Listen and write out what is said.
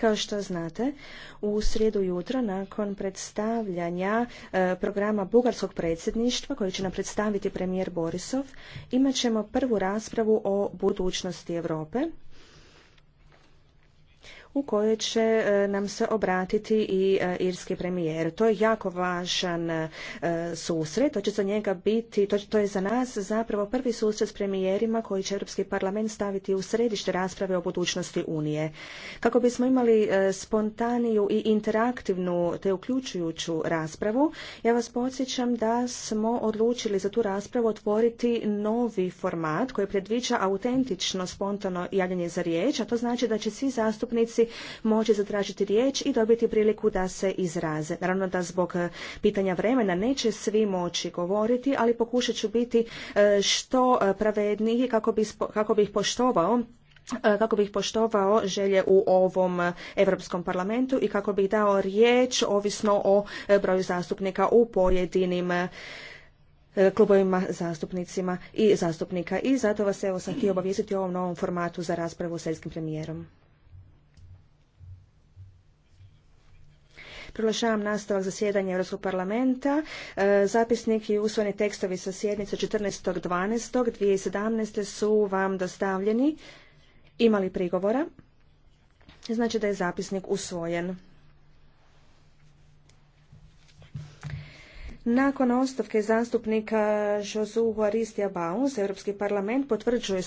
Kao što znate, u srijedu jutro nakon predstavljanja e, programa bugarskog predsjedništva koji će nam predstaviti premijer Borisov, imat ćemo prvu raspravu o budućnosti Europe u kojoj će e, nam se obratiti i e, irski premijer. To je jako važan e, susret, to će za njega biti, to, to je za nas zapravo prvi susret s premijerima koji će Europski parlament staviti u središte rasprave o budućnosti Unije. Kako bismo imali spontaniju i interaktivnu te uključujuću raspravu, ja vas podsjećam da smo odlučili za tu raspravu otvoriti novi format koji predviđa autentično spontano javljanje za riječ, a to znači da će svi zastupnici javnosti moći zatražiti riječ i dobiti priliku da se izraze. Naravno da zbog e, pitanja vremena neće svi moći govoriti, ali pokušat ću biti e, što e, pravedniji kako bih kako poštovao kako bih poštovao želje u ovom Europskom parlamentu i kako bih dao riječ ovisno o broju zastupnika u pojedinim klubovima zastupnicima i zastupnika. I zato vas evo sam htio obavijestiti o ovom novom formatu za raspravu s premijerom. Proglašavam nastavak sjedanje Europskog parlamenta. E, zapisnik i usvojeni tekstovi sa sjednice 14.12.2017. su vam dostavljeni. Imali prigovora? Znači da je zapisnik usvojen. Nakon ostavke zastupnika Josu Huaristija Baus, Europski parlament potvrđuje